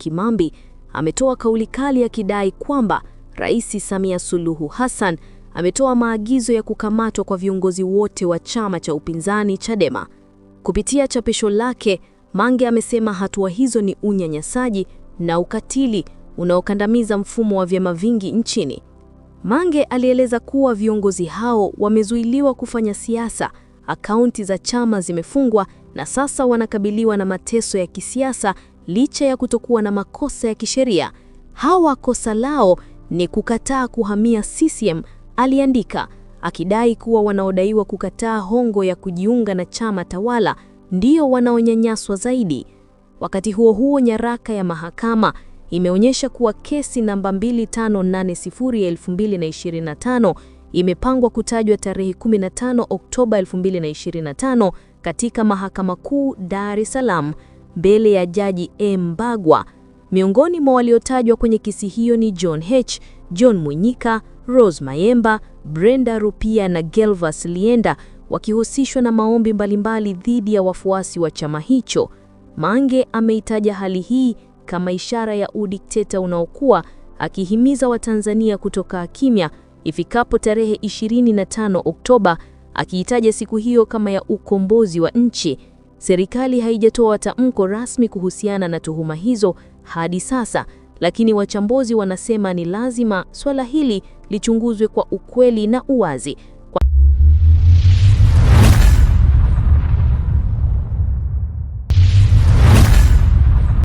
Kimambi ametoa kauli kali akidai kwamba Rais Samia Suluhu Hassan ametoa maagizo ya kukamatwa kwa viongozi wote wa chama cha upinzani Chadema. Kupitia chapisho lake, Mange amesema hatua hizo ni unyanyasaji na ukatili unaokandamiza mfumo wa vyama vingi nchini. Mange alieleza kuwa viongozi hao wamezuiliwa kufanya siasa, akaunti za chama zimefungwa na sasa wanakabiliwa na mateso ya kisiasa licha ya kutokuwa na makosa ya kisheria. Hawa kosa lao ni kukataa kuhamia CCM, aliandika, akidai kuwa wanaodaiwa kukataa hongo ya kujiunga na chama tawala ndio wanaonyanyaswa zaidi. Wakati huo huo, nyaraka ya mahakama imeonyesha kuwa kesi namba 2580 2025 imepangwa kutajwa tarehe 15 Oktoba 2025 katika Mahakama Kuu Dar es Salaam mbele ya Jaji Mbagwa. Miongoni mwa waliotajwa kwenye kesi hiyo ni John H, John Mwinyika, Rose Mayemba, Brenda Rupia na Gelvas Lienda wakihusishwa na maombi mbalimbali dhidi ya wafuasi wa chama hicho. Mange ameitaja hali hii kama ishara ya udikteta unaokuwa, akihimiza Watanzania kutokaa kimya ifikapo tarehe 25 Oktoba, akiitaja siku hiyo kama ya ukombozi wa nchi. Serikali haijatoa tamko rasmi kuhusiana na tuhuma hizo hadi sasa, lakini wachambuzi wanasema ni lazima swala hili lichunguzwe kwa ukweli na uwazi